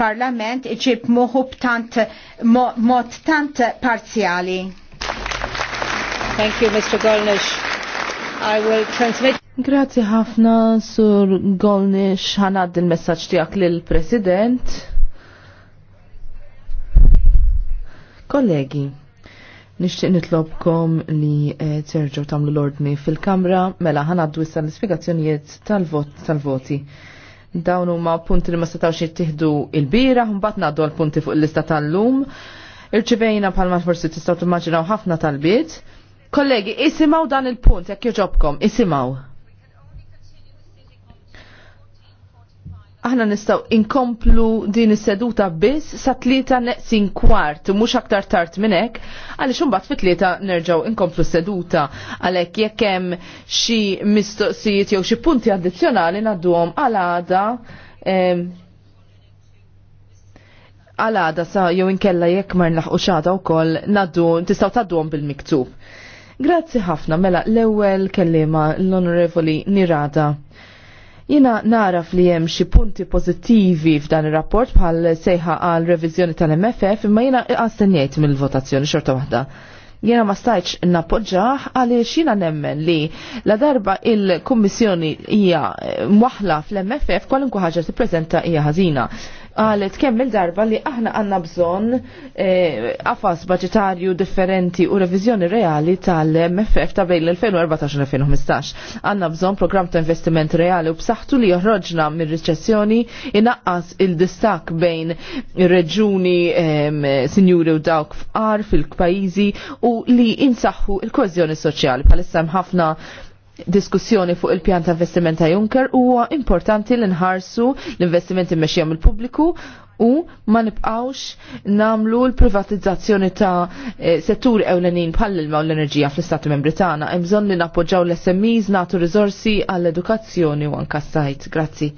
parlament iġib moħu b'tant mod tant parzjali. Thank you, Mr. Golnish. I will transmit. Grazzi ħafna sur Golnish ħanad il-messagġ tiegħek lill-President. Kollegi, Nixtieq nitlobkom li eh, terġgħu tagħmlu l-ordni fil-Kamra mela ħanaddu issa l-ispjegazzjonijiet tal-vot tal-voti. tal voti tal tal voti Dawn huma punti li ma setawx jittieħdu il-bira, mbagħad ngħaddu għal punti fuq il-lista tal-lum. Irċivejna bħalma forsi tistgħu timmaġinaw ħafna tal-bit. Kollegi, isimaw dan il-punt, jekk joġobkom, isimaw. aħna nistaw inkomplu din is-seduta biss sa tlieta neqsin kwart, mhux aktar tard minn hekk, għaliex imbagħad fi tlieta nerġgħu inkomplu seduta għalhekk jekk hemm xi mistoqsijiet jew xi punti addizzjonali ngħadduhom għal għada għal għada sa jew inkella jekk mar naħqu xada wkoll naddu tistgħu tadduhom bil-miktub. Grazzi ħafna mela l-ewwel kellima l-Onorevoli Nirada. Jina naraf li hemm xi punti pożittivi f'dan ir-rapport bħal sejħa għal reviżjoni tal-MFF imma jina għastennejt mill-votazzjoni xorta waħda. Jena ma stajċ napoġġaħ għaliex xina nemmen li la darba il-Kummissjoni hija mwaħla fl-MFF kwalunkwe ħaġa tippreżenta hija ħażina għalet kemm il-darba li aħna għanna bżon għafas eh, budgetarju differenti u revizjoni reali tal-MFF ta' bejn l-2014-2015. Għanna bżon program ta' investiment reali u b'saħħtu li joħroġna mir riċessjoni inaqqas il-distak bejn reġuni eh, sinjuri u dawk f'qar fil-pajizi u li insaħħu il-kozjoni soċjali. hemm ħafna diskussjoni fuq il-pjan ta' investiment ta' Juncker huwa importanti li nħarsu l-investimenti mexjam il-pubbliku u ma nibqawx namlu l-privatizzazzjoni ta' eh, setturi ewlenin bħal il-ma l-enerġija fl-Istati Membri tagħna hemm bżonn li nappoġġaw l-SMEs nagħtu riżorsi għall-edukazzjoni u anka sajt. Grazzi.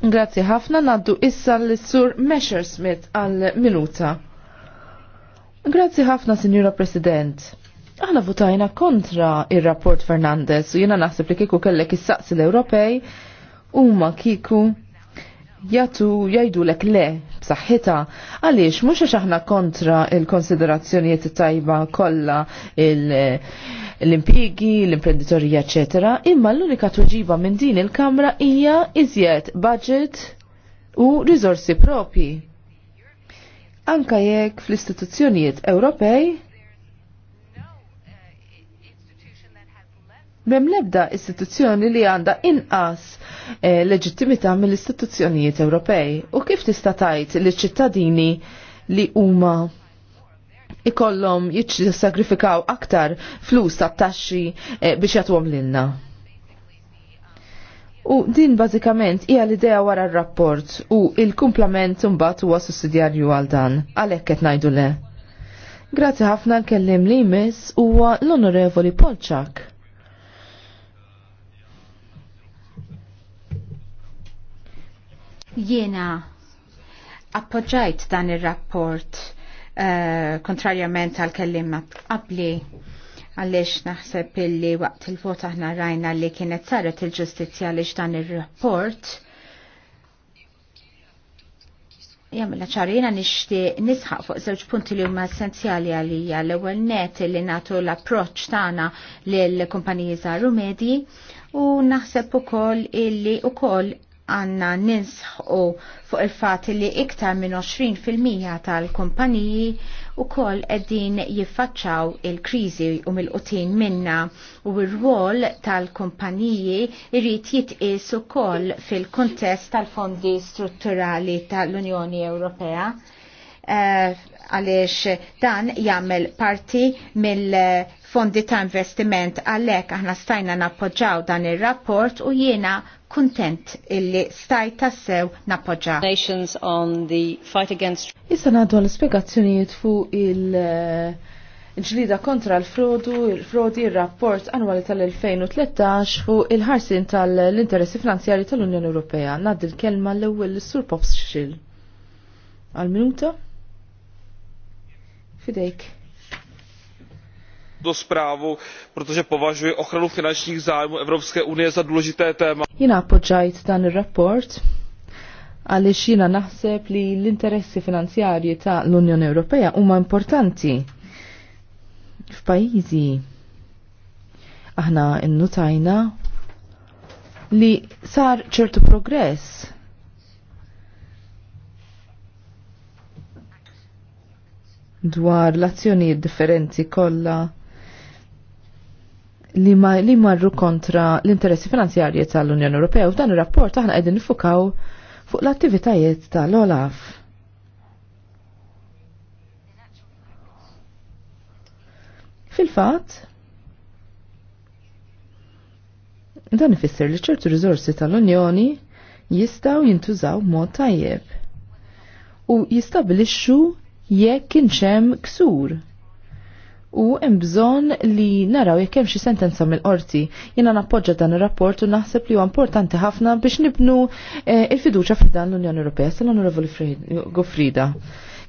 Grazzi ħafna naddu issa l-sur Mesher Smith għal minuta. Grazzi ħafna, Sinjura President. Aħna votajna kontra il-rapport Fernandez u jena naħseb li kiku kellek is saqs l-Ewropej u ma kiku jatu jajdu lek le b'saħħita għaliex mhux għax aħna kontra il-konsiderazzjonijiet tajba kollha l-impigi, l-imprenditorija, eċetera, imma l-unika tuġiba minn din il-Kamra hija iżjed budget u riżorsi propi. Anka jekk fl-istituzzjonijiet Ewropej Mem lebda istituzzjoni li għanda inqas eh, leġittimità mill-istituzzjonijiet Ewropej. U kif tista' tajt li ċittadini li huma ikollhom jiċċagrifikaw aktar flus ta' taxxi eh, biex jagħtuhom lilna? U din bażikament hija l-idea wara r-rapport u il-kumplament imbagħad huwa sussidjarju għal dan. Għalhekk qed ngħidu le. Grazzi ħafna l-kellim li jmiss huwa l-Onorevoli Polċak. Jiena appoġġajt dan ir-rapport uh, kontrarjament għal kellimma qabli għalix naħseb illi waqt il-vot aħna rajna li kienet saret il-ġustizja għalix dan il-rapport. ċar, ċarina nishti nisħaq fuq zewġ punti li huma essenzjali għalija l ewwel net li nagħtu l approċċ tagħna lill kumpaniji żgħar medji u naħseb ukoll illi ukoll għanna u fuq il-fat li iktar minn 20% tal-kumpaniji u kol eddin jiffaċċaw il-krizi u mil qutin minna u r-rwol tal-kumpaniji irrit jitqis u kol fil-kontest tal-fondi strutturali tal-Unjoni Ewropea eh, għaliex dan jagħmel parti mill fondi ta' investiment għallek aħna stajna nappoġġaw dan il-rapport u jiena kuntent illi staj tassew nappoġġaw. Nations on the fight against... Issa naddu għal-spiegazzjonijiet fuq il- eh, ġlida kontra l-frodu, il-frodi, il-rapport annwali tal-2013 fuq il-ħarsin tal-interessi finanzjari tal-Unjoni Ewropea. Naddu l kelma l-ewwel sur Pops Xil. Għal-minuta? Fidejk tuto zprávu protože považuji ochranu finančních zájmů Evropské unie za důležité téma. Jina appoġġajt dan ir-rapport għaliex jiena naħseb li l-interessi finanzjarji ta' l-Unjoni Ewropea huma importanti f'pajjiżi. Aħna innutajna li sar ċertu progress dwar l-azzjonijiet differenti kollha li, ma, li marru kontra l-interessi finanzjarji tal-Unjoni Ewropea u f'dan ir-rapport aħna qegħdin nifukaw fuq l-attivitajiet tal-Olaf. Fil-fatt, dan ifisser li ċertu riżorsi tal-Unjoni jistgħu jintużaw mod tajjeb u jistabilixxu jekk kienx hemm ksur u imbżon li naraw jekk hemm xi sentenza mill-qorti. Jiena nappoġġa dan ir-rapport u naħseb li huwa importanti ħafna biex nibnu eh, l fiduċja f'dan l-Unjoni Ewropea. Sal-Onorevoli Gofrida.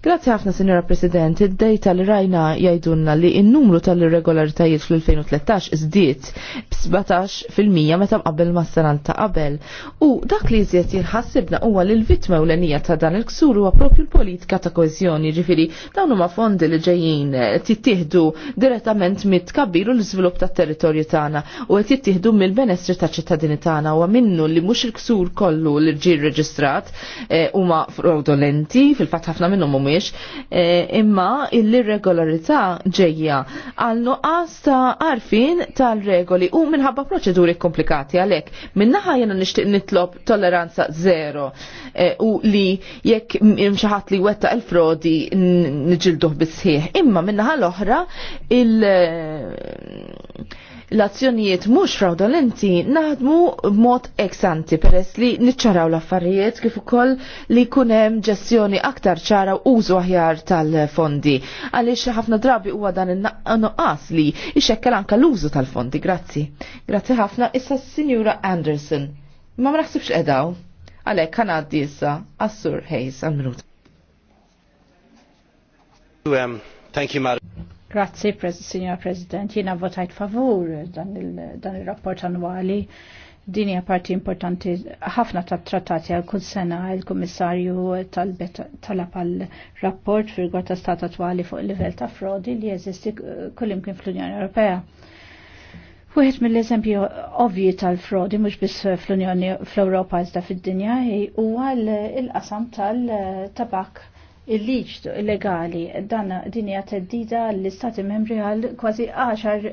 Grazzi ħafna, Sinjora President, id-dejta li rajna jajdunna li il-numru tal-irregolaritajiet fl-2013 zdiet b-17% meta qabel ma s-sanan ta' qabel. U dak li jizjet jirħassibna huwa li l-vitma u l-enija ta' dan il-ksur huwa propju l-politika ta' koezjoni, ġifiri dawn huma fondi li ġejjin eh, tittieħdu direttament mit kabbiru l-iżvilupp tat-territorju tagħna u qed jittieħdu mill benestri ta' ċittadini tagħna huwa minnu li mhux il-ksur kollu li ġir reġistrat eh, huma fraudolenti, fil-fatt ħafna minnhom mhumiex, e, imma l-irregolarità ġejja għal nuqqas ta' arfin tal-regoli u minħabba proċeduri komplikati għalhekk. Minnaħa jena nixtieq nitlob tolleranza zero e, u li jekk imxaħat li wetta il-frodi nġilduh bisħih, Imma minnaħa l-oħra il- l-azzjonijiet mhux fraudolenti naħdmu b'mod eksanti peress li niċċaraw l-affarijiet kif ukoll li jkun hemm ġestjoni aktar ċara u użu aħjar tal-fondi. Għaliex ħafna drabi huwa dan in-nuqqas li jxekkel anke l-użu tal-fondi. Grazzi. Grazzi ħafna issa s-Sinjura Anderson. Ma ma naħsibx qedaw. Għalhekk kanaddi issa assur Hayes għal-minuta. Um, thank you, madam. Grazzi, Signor President. Jina votajt favur dan il-rapport annuali. Din hija parti importanti ħafna ta' trattati għal kull sena il-Kummissarju talab għal rapport fil ta' stat attwali fuq il-livell ta' frodi li jeżisti kullimkien fl-Unjoni Ewropea. Wieħed mill-eżempju ovvji tal-frodi mhux biss fl-Unjoni fl-Ewropa iżda fid-dinja huwa l-qasam tal-tabak. tal tabak il-liġ illegali dan din hija teddida l-Istati Membri għal kważi 10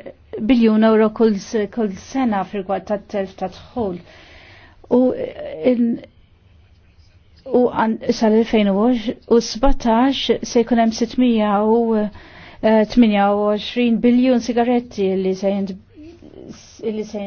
biljun euro kull sena fil-gwad tat-telf ta' dħul. U u sal-2017 se jkun hemm 628 eh, biljun sigaretti li se jintb illi se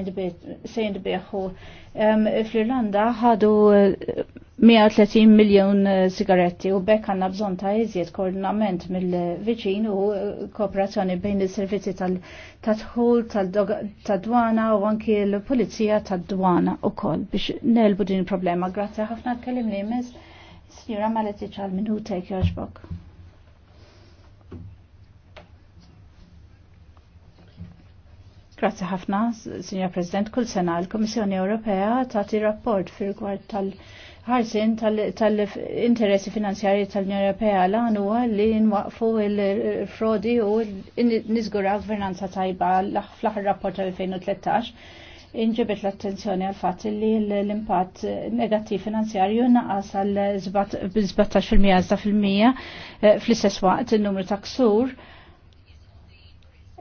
jindbieħu. Um, Fl-Irlanda ħadu 130 eh, miljon eh, sigaretti u bekk għanna bżon ta' iżjed koordinament mill-viċin u eh, kooperazzjoni bejn il-servizzi tal-tħul, tal-dwana u anki l-polizija tal-dwana u koll biex nelbu din il-problema. Grazie ħafna kellimni li jmiss. Signora Maletti ċal minutek joġbok. Grazzi ħafna, Signor President, kull sena l-Komissjoni Ewropea tagħti rapport fir-rigward tal-ħarsin tal-interessi tal finanzjarji tal-Unjoni Ewropea lan huwa li nwaqfu l-frodi u niżgura gvernanza tajba fl-aħħar rapport tal-2013 inġibet l-attenzjoni għal fatt li l-impatt negattiv finanzjarju naqas għal 17% eh, fl-istess waqt il-numru ta' ksur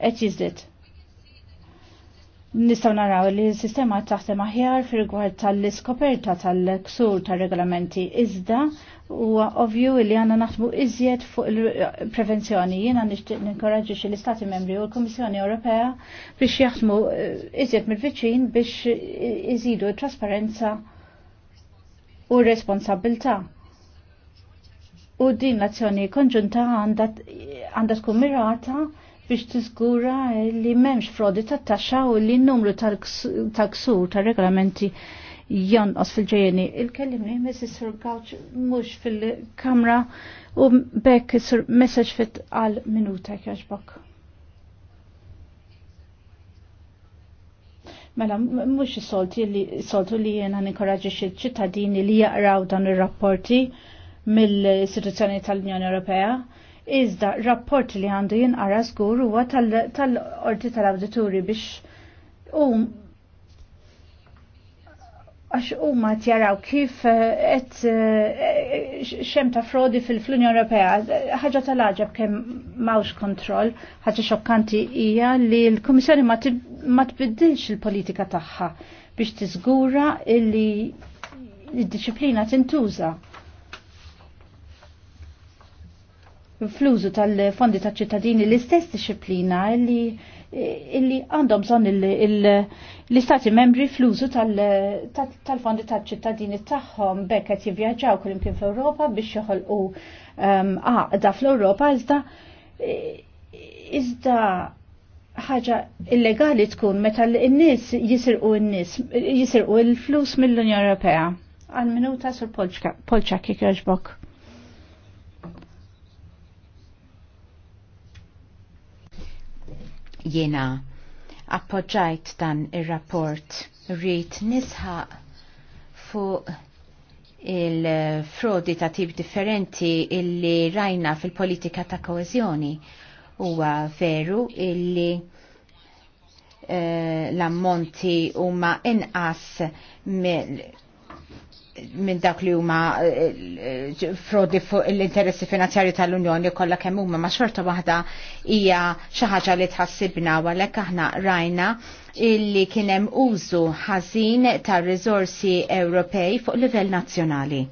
qed jiżdied Nistaw naraw li s-sistema taħsem aħjar fil rigward tal-iskoperta tal-ksur tal-regolamenti iżda u ovju li għanna naħdmu iżjed fuq il-prevenzjoni. Jena nishtiq ninkoraġi l-Istati membri u l-Komissjoni Ewropea biex jaħdmu eh, iżjed mill-viċin biex eh, iżidu trasparenza u responsabilta. U din l-azzjoni konġunta għandat tkun mirata biex tiżgura li m'hemmx frodi tat-taxxa u li n-numru ta' ksur tar-regolamenti jonqos fil-ġejjeni. Il-kellimni Mrs. Sir Gauch mhux fil-kamra u bekk sir message fit għal minuta kħaxbok. Mela, mhux is-soltu li jiena ninkoraġġi xi ċittadini li jaqraw dan ir-rapporti mill-istituzzjoni tal-Unjoni Ewropea Iżda, rapport li għandu jinqara żgur huwa tal-orti tal-awdituri biex u għax u ma kif et eh, eh, xem ta' frodi fil-Flunja Ewropea, ħagġa tal-ħagġab kem mawx kontrol, ħagġa xokkanti hija li l-Komissjoni ma tbiddilx il-politika tagħha biex tiżgura illi id-disciplina tintuża fl tal-fondi ta' ċittadini l-istess disciplina illi illi għandhom bżonn l-istati membri fl tal-fondi ta' ċittadini tagħhom bekk qed jivvjaġġaw kull fl f'Ewropa biex joħolqu um, għaqda fl-Ewropa iżda iżda ħaġa illegali tkun meta n-nies jisirqu n-nies jisirqu l-flus mill-Unjoni Ewropea. Għal minuta sur Polċa kik jogħġbok. Jena appoġġajt dan ir-rapport rrit nisħaq fuq il-frodi ta' tip differenti illi rajna fil-politika ta' koezjoni. Huwa veru illi eh, l-ammonti huma inqas minn dak li huma eh, eh, frodi fuq l-interessi finanzjarji tal-Unjoni kollha kemm huma ma' xorta waħda hija xi ħaġa li tħassibna għalhekk aħna rajna illi kien hemm użu ħażin tar-riżorsi Ewropej fuq livell nazzjonali.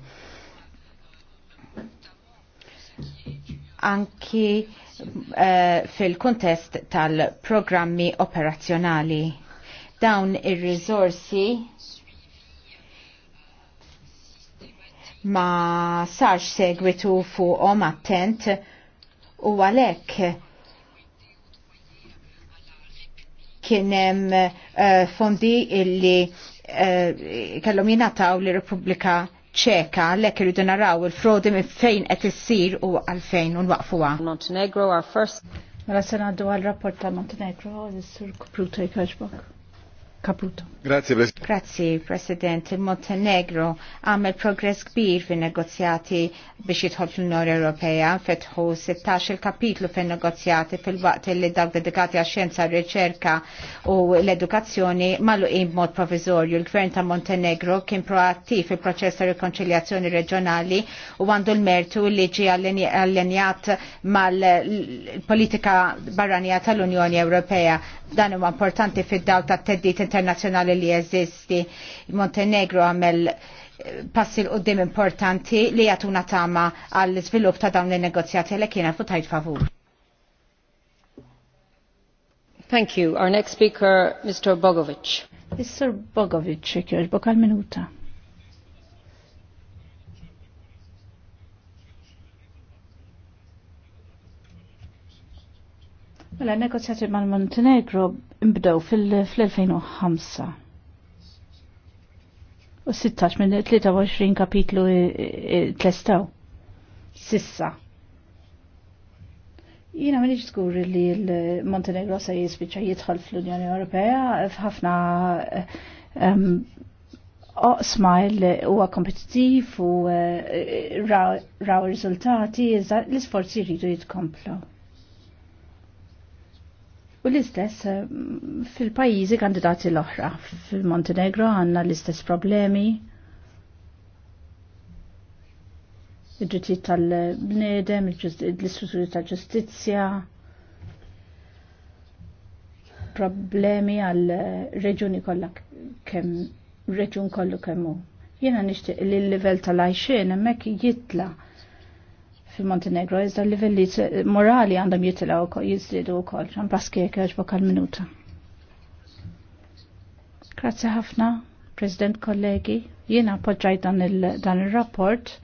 Anki uh, fil-kuntest tal-programmi operazzjonali. Dawn ir-riżorsi ma sarx segwitu fuqhom attent u għalhekk kien hemm uh, fondi illi uh, kellhom jinataw li Republika ċeka lek irridu naraw il-frodi minn fejn qed issir u għalfejn u nwaqfuha. Montenegro our first. Mela se ngħaddu għal rapport ta' Montenegro għal is-Sur Kupruto jkaġbok. Caputo. Grazie, pres Grazie, President. Il-Montenegro għamel progress kbir fin negozjati biex jidħol fl-Unjoni Ewropea, fetħu 16 il-kapitlu fin negozjati fil-waqt li dawk dedikati għax xjenza, riċerka u l-edukazzjoni maluqin b'mod provizorju. Il-Gvern ta' Montenegro kien proattiv fil-proċess ta' rikonċiljazzjoni reġjonali u għandu l-mertu li ġi allenjat mal-politika barranija tal-Unjoni Ewropea. Dan huwa importanti fid-daw ta' teddit internazjonali li jeżisti. Montenegro għamel eh, passi l-qoddim importanti li jatuna tama għall svilupp ta' dawn il-negozjati li jena futajt favur. Thank you. Our next speaker, Mr. Bogovic. Mr. Bogovic, jekjoġ, bokal minuta. Mela negozjati mal-Montenegro imbdew fil-2005. U 16 minn 23 kapitlu tlestaw. Sissa. Jina minn skur li l-Montenegro se jisbicċa jidħol fl-Unjoni Ewropea f'ħafna ehm, oqsma li huwa kompetittiv u eh, raw riżultati, l-isforzi jridu jitkomplu. U l-istess eh, fil-pajizi kandidati l-oħra. Fil-Montenegro għanna l-istess problemi. Id-ġittijiet tal-bnedem, l-istrutturi tal-ġustizja, problemi għal reġuni kollha kemm reġun kollu kemmu. Jiena nixtieq li l-livell tal-għajxin hemmhekk jitla' fil-Montenegro, iżda l-livelli morali għandhom jitilaw jizdidu u kol, għan baskijek għagħba kal-minuta. Grazie ħafna, President kollegi, jiena appoġġajt dan il-rapport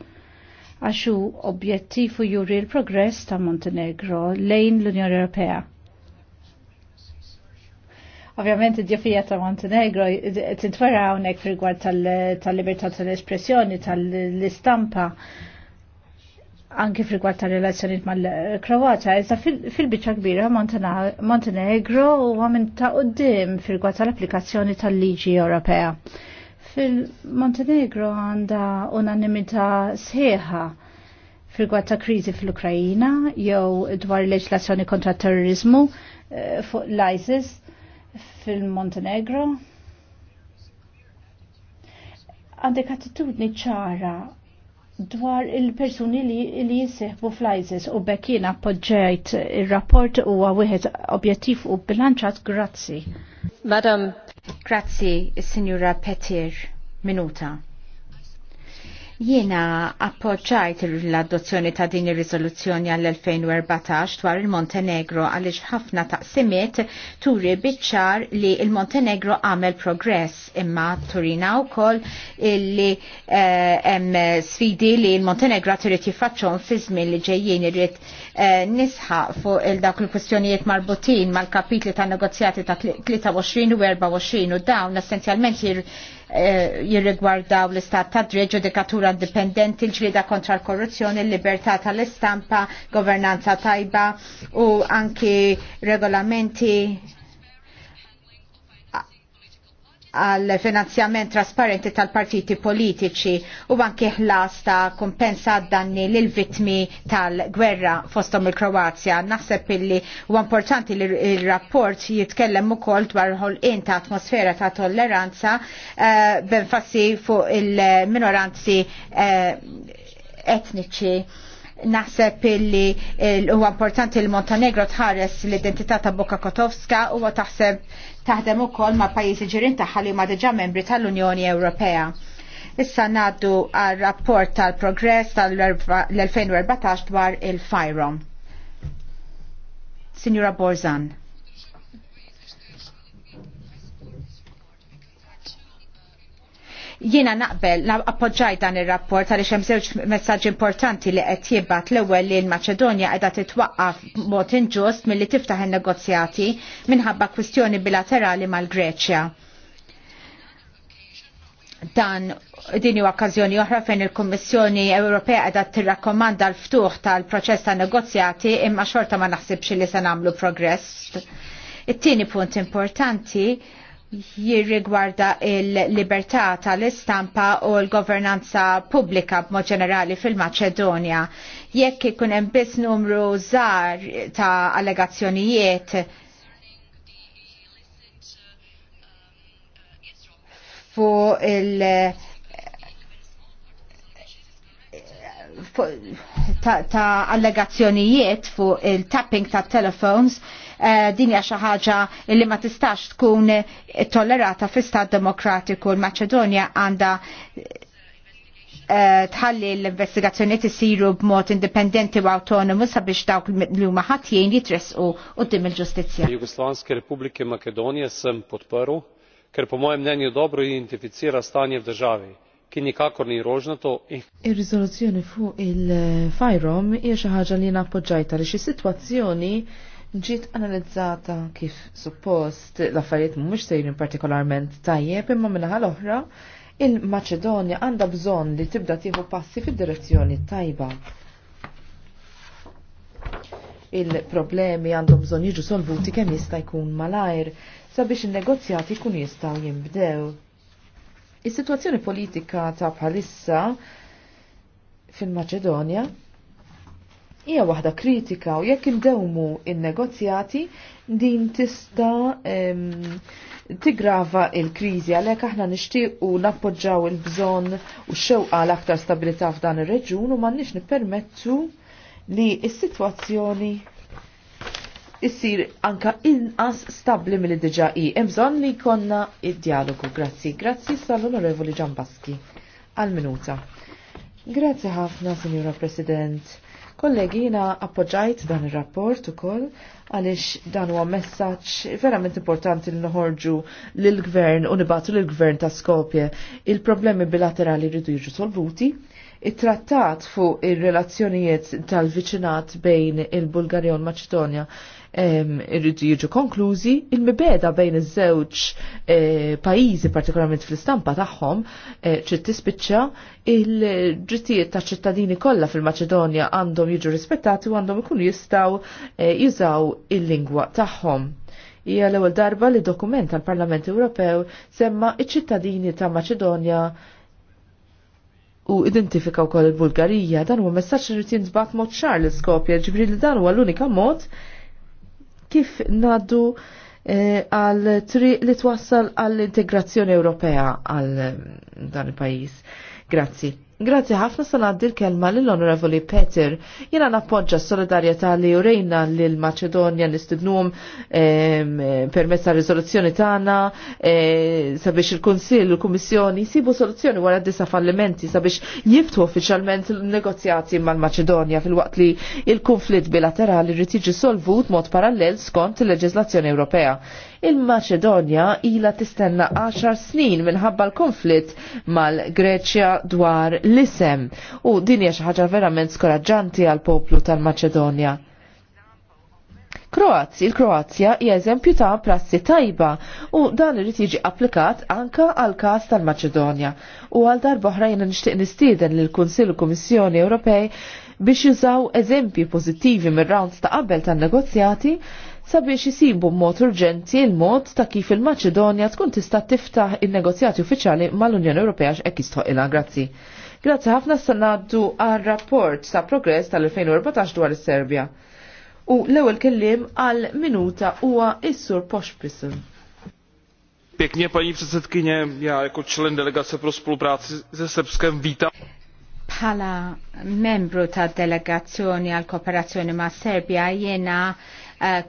għaxu objettiv u juri l-progress ta' Montenegro lejn l-Unjoni Ewropea ovvjament id-djafija ta' Montenegro għonek hawnhekk tal-espressjoni, tal-istampa, tal-libertà tal-espressjoni tal-istampa anki frigwat ta' relazzjoniet mal-Kroatja, iżda fil-bicċa kbira Montenegro u għamin ta' uddim frigwat tal-applikazzjoni tal-liġi Ewropea. Fil-Montenegro għanda unanimità sħiħa frigwat ta' krizi fil-Ukrajina jew dwar leġlazzjoni kontra terrorizmu eh, fuq l-ISIS fil-Montenegro. Għandek attitudni ċara dwar il-persuni li, li jinsieħbu fl-ISIS u bekkina appoġġejt il-rapport u għawihet objettiv u bilanċat grazzi. Madam, grazzi, signora Petir, minuta. Jiena appoġġajt l-adozzjoni ta' din ir-riżoluzzjoni għall-2014 dwar il-Montenegro għaliex ħafna taqsimiet turi biċċar li il-Montenegro għamel progress imma turina wkoll li eh, hemm eh, sfidi li il-Montenegro trid jiffaċċhom fi żmien li ġejjin irid eh, nisħaq fuq il dawk il-kwistjonijiet marbutin mal-kapitli ta' negozjati ta' 23 u 24 u dawn essenzjalment Eh, jirrigwardaw l-istat ta' dre, ġudikatura indipendenti, l-ġlida kontra l-korruzzjoni, l-libertà tal-istampa, governanza tajba u anki regolamenti għal finanzjament trasparenti tal-partiti politiċi u anke ħlas ta' kompensa danni l vittmi tal-gwerra fostom il-Kroazja. Naħseb illi u importanti li il-rapport jitkellem ukoll dwar ħolqien ta' atmosfera ta' tolleranza uh, benfassi fuq il-minoranzi uh, etniċi naħseb li huwa importanti l Montenegro tħares l-identità ta' Boka Kotowska u taħseb taħdem ukoll ma' pajjiżi ġirin tagħha li huma diġà membri tal-Unjoni Ewropea. Issa ngħaddu għal rapport tal-progress tal-2014 dwar il-Fajrom. Signora Borzan. Jiena naqbel, appoġġaj dan ir-rapport għaliex hemm żewġ messaġġi importanti li qed jibgħat l-ewwel li l-Maċedonja qiegħda titwaqqaf mod inġust milli tiftaħ in-negozjati minħabba kwistjoni bilaterali mal-Greċja dan dini okkażjoni oħra fejn il-Kummissjoni Ewropea qiegħda tirrakkomanda l-ftuħ tal-proċess ta' negozjati imma xorta ma naħsibx li se nagħmlu progress. It-tieni punt importanti jirrigwarda il-libertà tal-istampa u l-governanza pubblika b'mod ġenerali fil-Maċedonja. Jekk ikun hemm biss numru żgħar ta' allegazzjonijiet fuq il- fu ta', ta allegazzjonijiet fuq il-tapping ta' telephones Eh, dinja hija xi ħaġa li ma tistax tkun tollerata fi stat demokratiku l-Maċedonja għandha eh, tħalli l-investigazzjoni tisiru b'mod indipendenti u autonomu sabiex dawk li huma ħatjien jitresqu qudiem il-ġustizzja. Jugoslavske Republiki Makedonije sem podporu, ker po mojem mnenju dobro identificira stanje v državi kien Ir-riżoluzzjoni fuq il-fajrom hija xi ħaġa li nappoġġajta li xi sitwazzjoni ġiet analizzata kif suppost l-affarijiet mhumiex sejrin partikolarment tajjeb imma minnaħa l-oħra il-Maċedonja għandha bżonn li tibda tieħu passi fid-direzzjoni tajba. Il-problemi għandhom bżonn jiġu solvuti kemm jista' jkun malajr sabiex in-negozjati jkun jistgħu jinbdew. Is-sitwazzjoni politika ta' bħalissa fil-Maċedonja hija waħda kritika u jekk indewmu in-negozjati din tista' tigrava il-kriżi għalhekk aħna nixtiequ nappoġġaw il-bżonn u xewqa l-aktar stabilità f'dan ir-reġun u m'għandniex nippermettu li s-sitwazzjoni issir anka inqas stabli mill diġa i. Hemm bżonn li jkollna id-dialogu. Grazzi, grazzi sal-Onorevoli Ġambaski għal-minuta. Grazzi ħafna, Signora President Kollegi, jina appoġġajt dan il-rapport ukoll għaliex dan huwa messaġġ verament importanti li noħorġu lill-gvern u nibatu lill-gvern ta' Skopje. Il-problemi bilaterali rridu jiġu solvuti, it-trattat fuq ir-relazzjonijiet tal-viċinat bejn il-Bulgarija u l-Maċedonja irridu jiġu konklużi, il-mibeda bejn iż-żewġ eh, pajjiżi partikolarment fl-istampa tagħhom ċi eh, tispiċċa il ġittijiet ta' ċittadini kollha fil-Maċedonja għandhom jiġu rispettati u għandhom ikunu jistgħu eh, jużaw il-lingwa tagħhom. Hija l-ewwel darba li dokument tal-Parlament Ewropew semma iċ-ċittadini ta' Maċedonja u identifika wkoll il-Bulgarija dan huwa messaġġ irid jinsbat mod ċar l iskopja ġibri li dan huwa l-unika mod kif naddu eh, għal triq li twassal għall-integrazzjoni Ewropea għal eh, dan il-pajis. Grazzi. Grazzi ħafna sa naddi l-kelma lill-Onorevoli Peter. Jena nappoġġa s-solidarjetà li urejna l maċedonja nistidnum permezz rizoluzzjoni riżoluzzjoni tagħna e, sabiex il-Kunsill u l-Kummissjoni jsibu soluzzjoni wara disa fallimenti sabiex jiftu uffiċjalment negozjati mal-Maċedonja fil-waqt li il-konflitt bilaterali rrid jiġi solvut mod parallel skont il leġislazzjoni Ewropea il-Maċedonja ila tistenna 10 snin minħabba l-konflitt mal-Greċja dwar l-isem u din hija xi ħaġa verament skoraġġanti għal poplu tal-Maċedonja. Kroazzi, il-Kroazja hija eżempju ta' prassi tajba u dan irid jiġi applikat anka għal każ tal-Maċedonja. U għal darba oħrajn nixtieq nistieden lil kunsill u Kummissjoni Ewropej biex jużaw eżempji pożittivi mir-rounds ta' qabel tan-negozjati sabiex jisibu mod urġenti il-mod ta' kif il-Maċedonja tkun tista' tiftaħ il-negozjati uffiċjali mal-Unjoni Ewropea x'hekk jistħoq ilha grazzi. Grazzi ħafna sanaddu għal rapport ta' progress tal-2014 dwar is-Serbja. U l-ewwel kelliem għal minuta huwa is-Sur Poshpism. Pěkně, paní předsedkyně, já jako člen delegace pro spolupráci se Srbskem vítám. Bħala membru ta' delegazzjoni għal kooperazzjoni ma' Serbia jena uh, eh,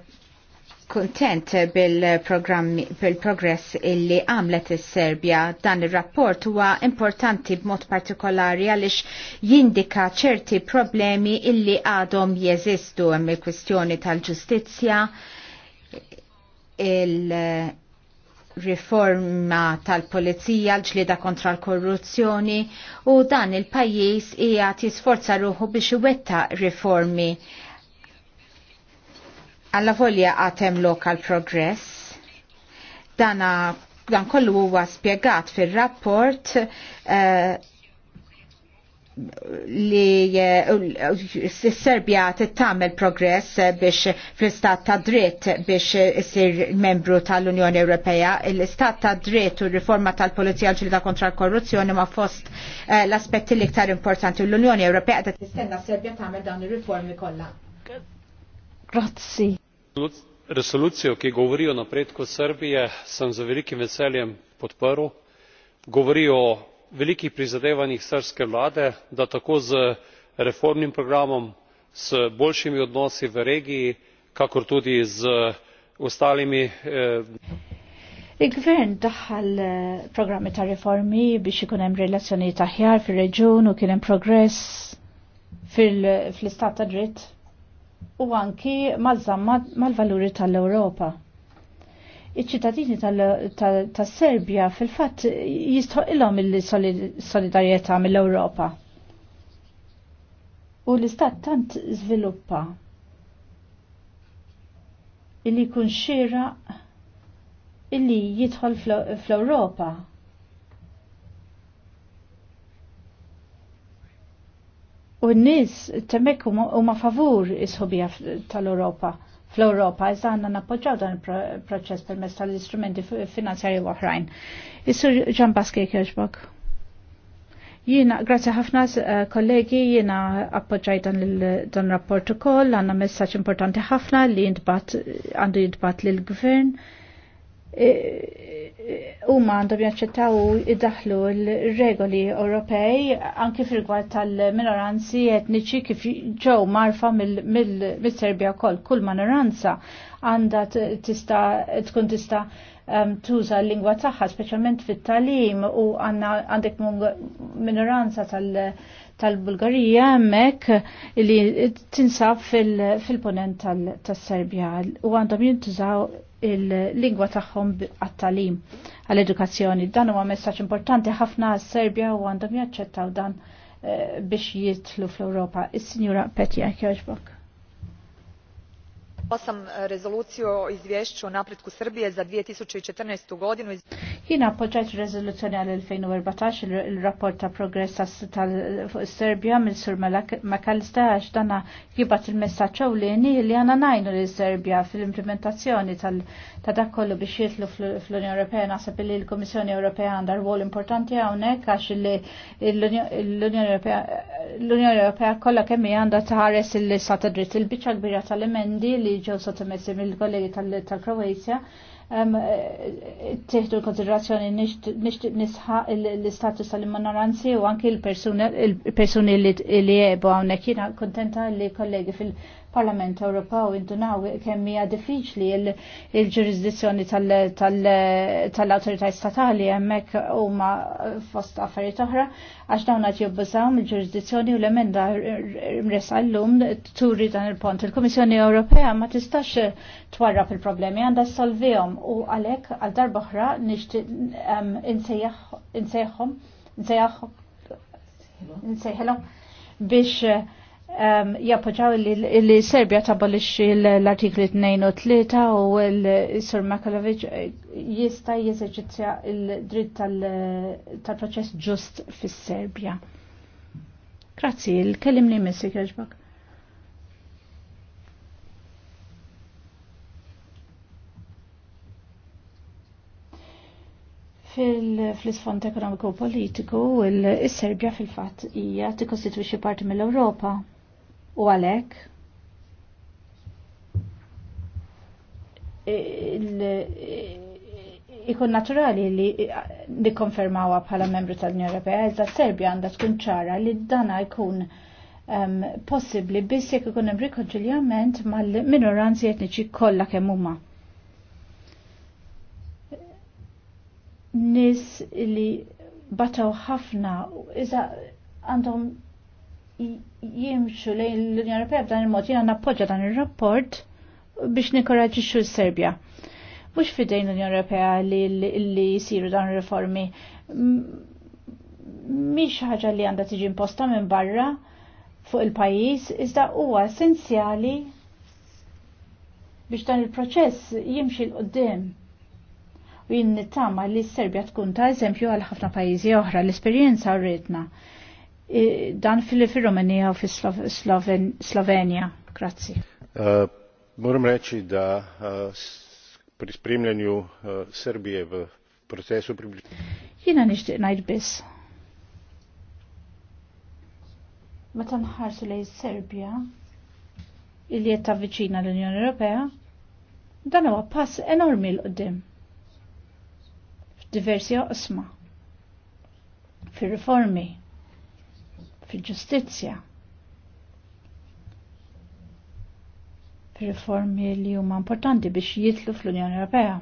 kontent bil-progress bil illi għamlet is-Serbja. Dan ir-rapport huwa importanti b'mod partikolari għaliex jindika ċerti problemi illi għadhom jeżistu hemm il-kwistjoni tal-ġustizzja, il-riforma tal-polizija, l-ġlieda kontra l-korruzzjoni u dan il-pajjiż hija tisforza ruħu biex iwettaq riformi għalla volja għatem lokal progress. Dana, dan kollu huwa spiegat fil-rapport eh, li eh, s-Serbja tittamel progress biex fl-istat ta' dritt biex s-sir membru tal-Unjoni Ewropea. L-istat ta' dritt u riforma tal-Polizija ġilda kontra l-korruzzjoni ma' fost eh, l-aspetti l-iktar importanti l-Unjoni Ewropea għedet tistenna s-Serbja tamel dawn il-riformi kollha. Grazzi resolucijo ki govori o napredku srbije sem z velikim veseljem podprl govori o velikih prizadevanjih srbske vlade da tako z reformnim programom z boljšimi odnosi v regiji kakor tudi z ostalimi eh, Il-gvern daħal eh, programmi ta' reformi biex ikun hemm relazzjonijiet aħjar fir-reġjun u kien hemm progress fil-istat ta' dritt u anki mażamma mal-valuri tal-Ewropa. Iċ-ċittadini tas-Serbja fil-fatt jistħoq ilhom il-solidarjetà mill-Ewropa. U l-istat tant żviluppa illi jkun xira illi jidħol fl-Ewropa. Fl U n-nis temmek u ma favur isħobija tal-Europa, fl-Europa, iżda għanna nappoġġaw dan il-proċess mezz tal-istrumenti finanzjari u oħrajn. Issu ġan baske kħeġbok. Jina, grazie ħafna eh, kollegi, jina appoġġaj dan il-rapport u koll, għanna messaċ importanti ħafna li jindbat, għandu jindbat l-gvern huma għandhom jaċċettaw iddaħlu l-regoli Ewropej anki fil-gwad tal-minoranzi etniċi kif ġew marfa mill-Serbja wkoll kull minoranza għandha tista' tkun tista' ehm, tuża l-lingwa tagħha speċjalment fit-talim u għandek minoranza tal- tal-Bulgarija hemmhekk li tinsab fil-ponent tas-Serbja u għandhom jintużaw il-lingwa tagħhom għat-talim għall-edukazzjoni. Dan huwa messaġġ importanti ħafna għas-Serbja u għandhom jaċċettaw dan eh, biex jitlu fl-Ewropa. Is-Sinjura Petja, kjoġbok sam e, rezoluciju o izvješću o napretku Srbije za 2014. godinu. Jina appoġġajt rezoluzzjoni għal 2014 il-rapport ta' progress tal-Serbja mill sur Makalista għax dana jibat il-messaċ ewlieni li għana najnu li Serbja fil-implementazzjoni ta' dak kollu biex jitlu fl-Unjoni Ewropea naħseb li l-Komissjoni Ewropea għandha rwol importanti hawnhekk għax l-Unjoni Ewropea kollha kemm hija għandha taħares il-sa dritt il-biċċa kbira tal-emendi li ġew sottomessi mill-kollegi tal-Kroazja tieħdu l-konsiderazzjoni nixtieq nisħaq l-istatus tal-minoranzi u anki l-persuni li jebu hawnhekk jiena kontenta li kollegi fil- Parlament Ewropew indunaw kemm hija diffiċli il-ġurisdizzjoni tal-awtorità statali hemmhekk huma fost affarijiet oħra għax dawn qed jobbużaw mill-ġurisdizzjoni u l-emenda mresa llum turi dan il-pont. Il-Kummissjoni Ewropea ma tistax twarra il-problemi għandha solvihom u għalhekk għal darba oħra nixtieq insejħhom insejħhom nsejħilhom biex Um, jappoġaw li Serbja tabolix l-artikli 2 u 3 u l-Sur Makalovic eh, jista jeżerċizzja il-dritt tal-proċess ġust fis serbja Grazzi, il-kellim li missi kħeġbak. Fil-isfond ekonomiku politiku, il-Serbja fil-fat hija tikkostitwixxi parti mill-Ewropa u għalek ikun naturali li nikkonfermawha bħala membru tal-Unjoni Ewropea, iżda Serbja għandha tkun ċara li dana jkun um, possibbli biss jekk ikun hemm rikonċiljament mal-minoranzi etniċi kollha kemm huma. Nis li bataw ħafna iżda għandhom jimxu lejn l-Unjoni Ewropea b'dan il-mod jiena nappoġġa dan ir-rapport biex nikoraġixxu s-Serbja. Mhux fidejn l-Unjoni Ewropea li jsiru dawn ir-riformi mhix ħaġa li għandha tiġi imposta minn barra fuq il-pajjiż, iżda huwa essenzjali biex dan il-proċess jimxi l qudiem u jinn nittama li s-Serbja tkun ta' eżempju għal ħafna pajjiżi oħra l-esperjenza u rritna dan fil romania u fil slovenia Grazzi. Uh, moram reći da uh, pri spremljanju uh, Srbije v procesu približanja. Jina nixtieq ngħid biss. Meta nħarsu lejn Serbja, illi ta' tavviċina l-Unjoni Europea, dan huwa pass enormi l qudiem f'diversi oqsma, fir-riformi, fil-ġustizzja. Riformi li huma importanti biex jitlu fl-Unjoni Ewropea.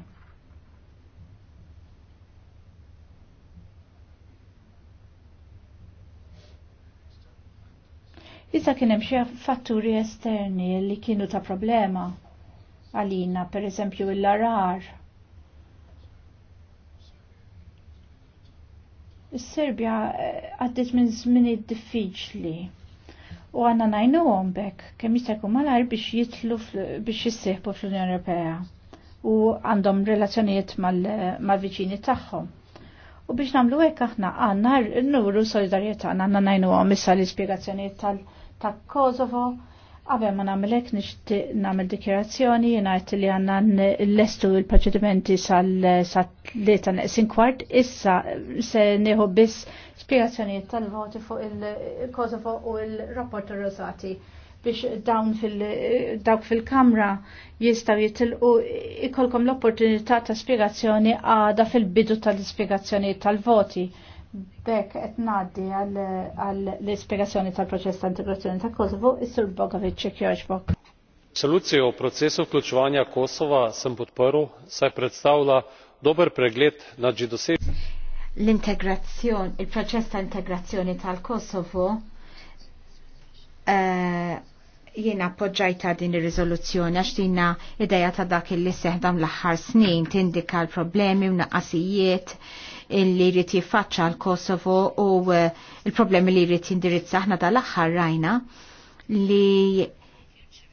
Issa kien hemm xi fatturi esterni li kienu ta' problema għalina, per eżempju l-arar Is-Serbja eh, għaddit minn żmien diffiċli. U għanna najnu għombek, kemm jistakum malar biex jitlu biex jissieħbu fl-Unjoni Ewropea u għandhom relazzjonijiet mal-viċini tagħhom. U biex namlu hekk aħna għandna nuru solidarjetà għandna najnu għom issa l-ispjegazzjonijiet tal-Kosovo. tal kosovo Għabel ma namelek nix namel dikjerazzjoni jenajt li għanna l-estu il-proċedimenti sal-leta neqsin kwart, issa se neħu bis spiegazzjoni tal-voti fuq il-Kosovo u il-rapport rosati biex dawn fil-dawk fil-kamra jistaw jitilqu ikolkom l-opportunità ta' spiegazzjoni għada fil-bidu tal-spiegazzjoni tal-voti. Bekk qed ngħaddi għall-ispjegazzjoni tal-proċess ta' integrazzjoni ta' Kosovo, is-Sur Bogovic Kjoġbok. Soluzzi u procesu vključevanja Kosova sem podprl, saj predstavla dober pregled na že L-integrazzjoni, il-proċess ta' integrazzjoni tal-Kosovo uh, Jiena ta' din ir-riżoluzzjoni għax tinna ideja ta' dak li seħdam l-aħħar snin tindika l-problemi u naqasijiet li jrid jiffaċċa l-Kosovo u eh, l-problemi li jrid jindirizza aħna dal-aħħar rajna li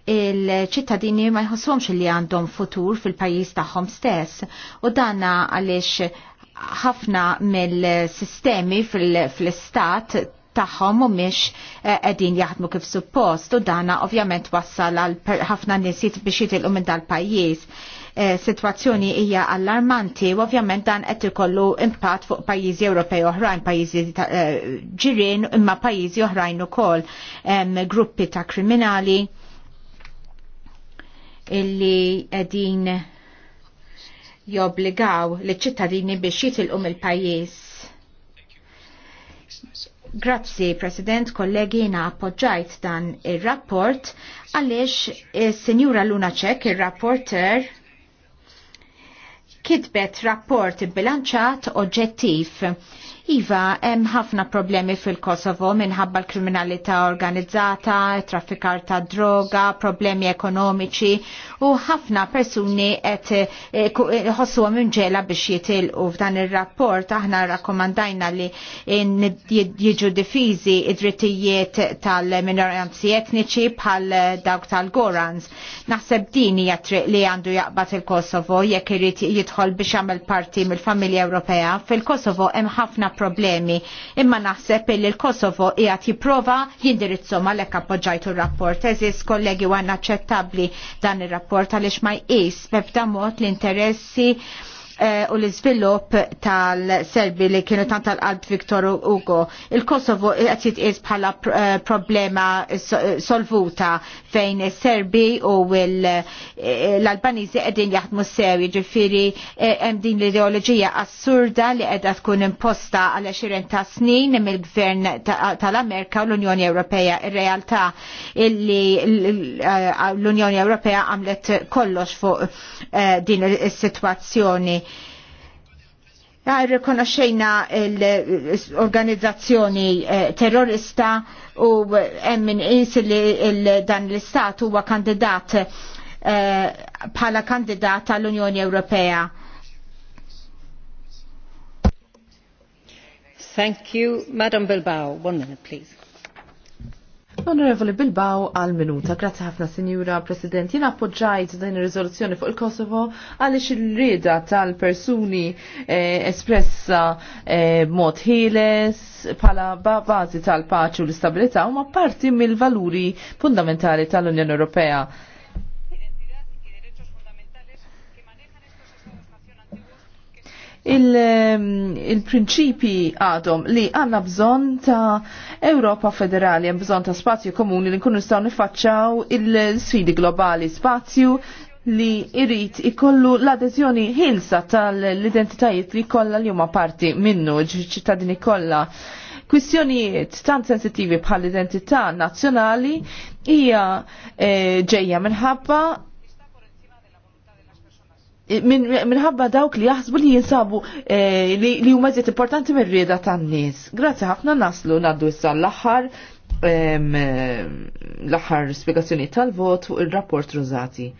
il-ċittadini ma jħossomx li għandhom futur fil pajjiż tagħhom stess u danna għaliex ħafna mill-sistemi fil-istat tagħhom miex eh, qegħdin jaħdmu kif suppost u dana ovvjament wassal għal ħafna nies biex jitilqu minn dal-pajjiż. Eh, situazzjoni Sitwazzjoni hija allarmanti u ovvjament dan qed ikollu impatt fuq pajjiżi Ewropej oħrajn, pajjiżi eh, ġirien imma pajjiżi oħrajn ukoll gruppi ta' kriminali illi qegħdin jobbligaw liċ ċittadini biex jitilqu mill-pajjiż Grazzi, President, kollegi, na appoġġajt dan il-rapport għaliex eh, il-Senjura Lunacek, il-rapporter, kitbet rapport bilanċat oġġettiv Iva, hemm ħafna problemi fil-Kosovo minħabba l-kriminalità organizzata, traffikar ta' droga, problemi ekonomiċi u ħafna persuni qed eh, eh, ħossuhom ġela biex jitilqu f'dan ir-rapport aħna rakkomandajna li jiġu difiżi id-drittijiet tal-minoranzi etniċi bħal dawk tal-Gorans. Naħseb din hija triq li għandu jaqbad il-Kosovo jekk irid jidħol biex jagħmel parti mill-familja Ewropea. Fil-Kosovo hemm ħafna problemi. Imma naħseb li l-Kosovo qiegħed jipprova jindirizzhom għalhekk appoġġajtu r-rapport. Eżis kollegi huwa naċċettabbli dan ir-rapport għaliex ma jqis b'ebda mod l-interessi Eh, u l-izvilup tal-Serbi li kienu tant tal-qalb Viktor Ugo. Il-Kosovo qed jitqies bħala eh, problema solvuta fejn is-Serbi u eh, l-Albaniżi qegħdin jaħdmu sew, jiġifieri hemm din l-ideoloġija assurda li qiegħda tkun imposta għal 20 ta' snin mill-Gvern tal-Amerika u l-Unjoni Ewropea. Ir-realtà illi l-Unjoni Ewropea għamlet kollox fuq din is-sitwazzjoni Rikonoxxejna l-organizzazzjoni eh, terrorista u emmin is li dan l-istat huwa kandidat eh, bħala kandidat għall-Unjoni Ewropea. Thank you, Madam Bilbao. One minute, please. Onorevoli Bilbao għal minuta, grazzi ħafna Sinjura President, jina appoġġajt din ir-riżoluzzjoni fuq il-Kosovo għaliex il-rieda tal-persuni eh, espressa eh, mod ħieles pala bażi tal-paċi u l-istabilità huma parti mill-valuri fundamentali tal-Unjoni Ewropea Ehm, il-prinċipi il għadhom li għanna bżon ta' Ewropa federali, għanna bżon ta' spazju komuni li nkunu staw nifacċaw il-sfidi globali, spazju li irrit ikollu l-adezjoni ħilsa tal-identitajiet li kolla li huma parti minnu ċittadini kolla. Kwistjonijiet tant sensittivi bħal-identità nazzjonali hija eh, ġejja minħabba minħabba dawk li jaħsbu li jinsabu eh, li huma zjed importanti mir-rieda tan-nies. Grazzi ħafna naslu naddu issa l-aħħar eh, l-aħħar spiegazzjoni tal-vot fuq ir rapport rużati.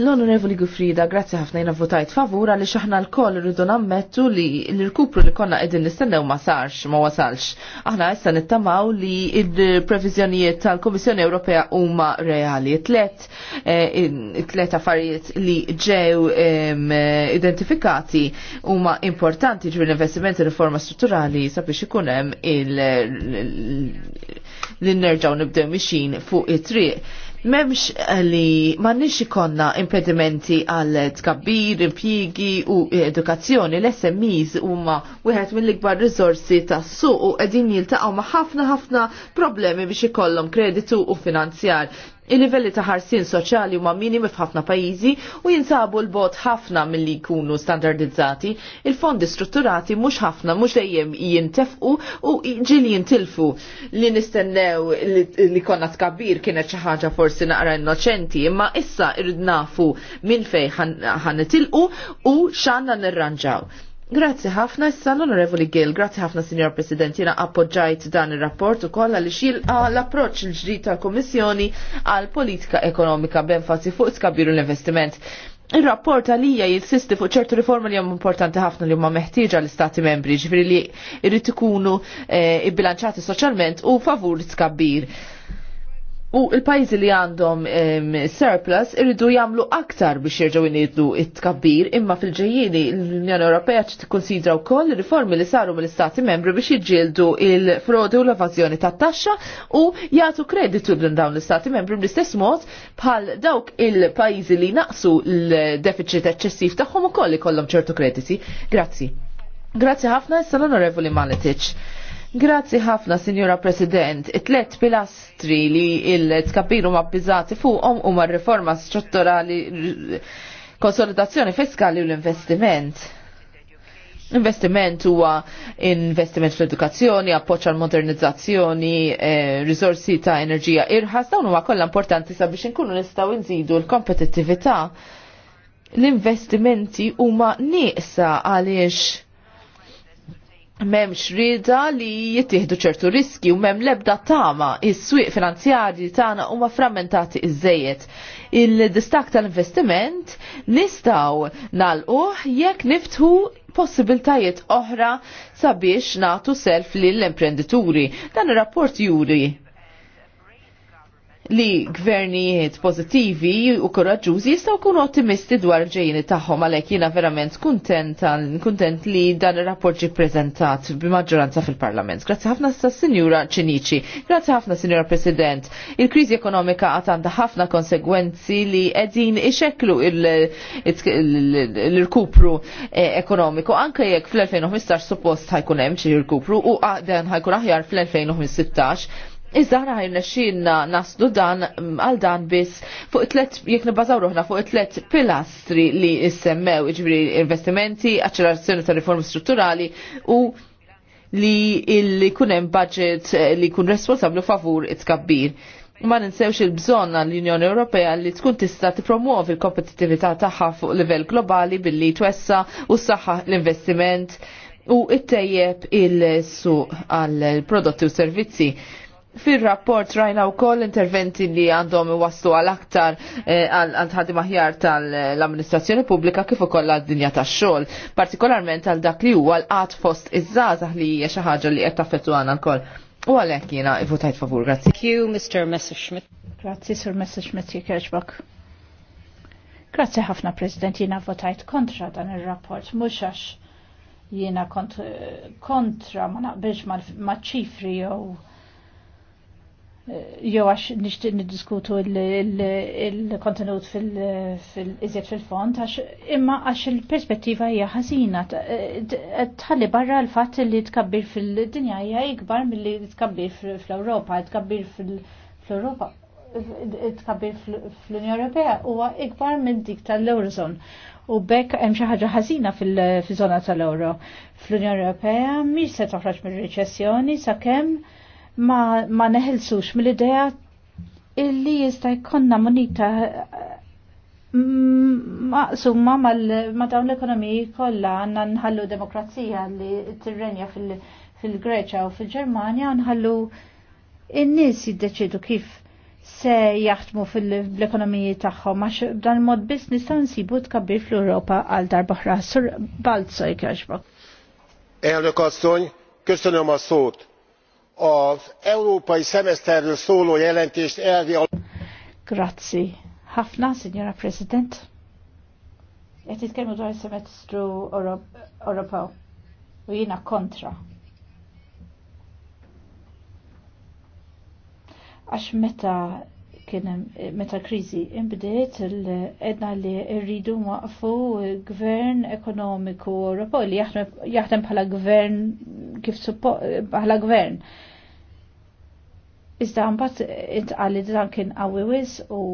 L-Onorevoli Gufrida, grazzi ħafna jina votajt favur għalli xaħna l-koll rridu nammettu li l-rkupru li konna edin nistennew ma sarx, ma wasalx. Aħna issa nittamaw li il-previżjonijiet tal-Komissjoni Ewropea huma reali. Tlet, tlet affarijiet li ġew identifikati huma importanti ġu l-investimenti riforma strutturali sabiex ikun hemm il- li nerġaw nibdew mixin fuq it-triq Memx li mannix ikonna impedimenti għal tkabbir, impjigi u edukazzjoni l-SMEs huma wieħed mill-ikbar rizorsi tas suq u qegħdin jiltaqgħu ma' ħafna ħafna problemi biex ikollhom kreditu u finanzjar. Il-livelli ta' ħarsin soċjali huma minimi f'ħafna pajjiżi u jinsabu l-bot ħafna milli jkunu standardizzati, il-fondi strutturati mhux ħafna mhux dejjem jintefqu u ġili jintilfu li nistennew li konna tkabbir kienet xi ħaġa forsi naqra innoċenti, imma issa irrid nafu minn fejn ħanitilqu u x'għandna nirranġaw Grazzi ħafna issa l-Onorevoli Gil, grazzi ħafna Sinjor President, jena appoġġajt dan il-rapport u kolla li xil l-approċ l-ġdid tal Komissjoni għal politika ekonomika b'enfasi fuq skabiru l-investiment. Il-rapport għalija jinsisti fuq ċertu riforma li huma importanti ħafna li huma meħtieġa l-Istati membri, ġifri li jrid ikunu eh, bilanċati soċjalment u favur tkabbir. U il-pajzi li għandhom surplus irridu jagħmlu aktar biex jerġgħu jniedlu it-tkabbir imma fil ġejjini l-Unjoni Ewropea ċ tikkunsidra wkoll riformi li saru mill-Istati Membri biex jiġġieldu il-frodi u l evazjoni tat-taxxa u jagħtu kreditu lil dawn l-Istati Membri bl-istess mod bħal dawk il-pajjiżi li naqsu l-deficit eċċessiv tagħhom ukoll ikollhom ċertu krediti. Grazzi. Grazzi ħafna, s-sal Onorevoli Maletic. Grazzi ħafna, Signora President. It-tlet pilastri li il-tkabiru ma' bizzati fuqom u ma' riforma strutturali, konsolidazzjoni fiskali u l-investiment. Investiment huwa investiment fl-edukazzjoni, appoċ għal modernizzazzjoni, eh, risorsi ta' enerġija irħas, dawn huwa kollha importanti sabiex inkunu nistgħu nżidu l-kompetittività. L-investimenti huma nieqsa għaliex memx rida li jittihdu ċertu riski u mem lebda tama is-swieq finanzjarji tagħna huma frammentati iż Il-distak tal-investiment nistaw nal-uħ jekk niftu possibiltajiet oħra sabiex natu self lill-imprendituri. Dan ir-rapport juri li gvernijiet pozittivi u koraġġużi jistgħu jkunu ottimisti dwar ġejjini tagħhom għalhekk jiena verament kuntent li dan ir-rapport ġi preżentat b'maġġoranza fil-Parlament. Grazzi ħafna sa Sinjura Ċinici. Grazzi ħafna Sinjura President. Il-kriżi ekonomika għad għandha ħafna konsegwenzi li qegħdin ixekklu l-irkupru eh, ekonomiku anke jekk fl-2015 suppost ħajkunem hemm xi irkupru u għadden ħajkun aħjar fl 2016 Iżda ħna ħajna xinna naslu dan mm, għal dan biss fuq tlet, jek nibbażaw ruħna fuq tlet pilastri li jissemmew iġbri investimenti, accelerazzjoni ta' riformi strutturali u li li kunem budget eh, li kun responsablu favur it-kabbir. Ma ninsewx il-bżonna l-Unjoni Ewropea li tkun tista tipromuovi l-kompetitività tagħha fuq livell globali billi twessa u saħħa l-investiment u it-tejjeb il-suq għal prodotti u servizzi Fil-rapport rajna u koll interventi li għandhom waslu għal aktar eh, għal ħadim aħjar tal-amministrazzjoni pubblika kif ukoll għal dinja tax-xogħol, partikolarment għal dak li huwa l-qatt fost iż-żgħażagħ li hija xi ħaġa li qed taffettu għandna wkoll. U għalhekk jiena votajt favur, grazzi. you, Mr. Messerschmidt. Grazzi, Sir Messerschmidt, jikerġbok. Grazzi ħafna, President, jiena votajt kontra dan ir-rapport, mhux għax jiena kontra ma naqbilx ma' ċifri jew jew għax nixtieq niddiskutu il-kontenut fil-iżjed fil-font, għax imma għax il-perspettiva hija ħażina. Eh, tħalli barra l-fatt li tkabbir fil-dinja hija ikbar milli tkabbir fl-Ewropa, tkabbir fl-Ewropa tkabbir fl-Unjoni Ewropea huwa ikbar minn dik tal-Eurozone. U bekk hemm xi ħaġa ħażina fil-żona tal-Euro. Fl-Unjoni Ewropea mhix se toħroġ mir-reċessjoni sakemm ma, ma neħelsux mill-idea illi jista' jkollna monita mm, maqsumma ma dawn l-ekonomiji kollha għandna nħallu demokrazija li tirrenja fil-Greċa u fil-Ġermanja nħallu in-nies jiddeċidu kif se jaħdmu fil-ekonomiji tagħhom għax b'dan mod biss nistgħu nsibu tkabbir fl-Ewropa għal darba oħra. Sur Balzo jkexbok. Elnök asszony, köszönöm a az európai szemeszterről szóló jelentést elvi a... Grazzi. Hafna, Signora President. Qed nitkellmu dwar semestru Ewropew u jiena kontra. Għax meta kien eh, meta kriżi imbdiet edna li rridu waqfu gvern ekonomiku Ewropew li jaħdem bħala gvern kif bħala gvern. Iżda mbagħad intqal dan kien qawwi u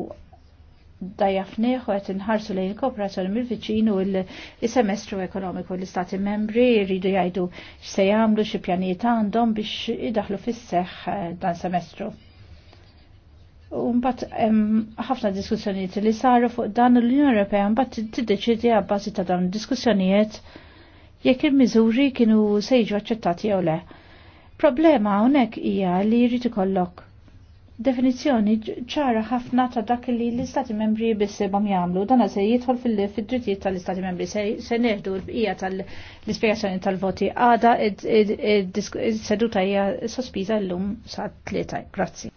dajafniħ u għet nħarsu lejn kooperazzjoni mill-viċin u l-semestru ekonomiku l-istati membri rridu jgħidu x'se jagħmlu xi pjanijiet għandhom biex idaħlu fis-seħħ eh, dan semestru. Mbagħad ħafna diskussjonijiet li saru fuq dan l-Unjoni Ewropea mbagħad tiddeċidi għabbażi ta' dawn diskussjonijiet jekk il-miżuri kienu se jiġu aċċettati jew le. Problema hawnhekk hija li jrid ikollok definizzjoni ċara ħafna ta' dak li l-Istati membri bissibhom jagħmlu. Dan se jidħol fil-drittijiet tal-Istati membri se neħdu l-bqija tal-ispjegazzjoni tal-voti għada id-seduta hija sospiża llum sa' tlieta. Grazzi.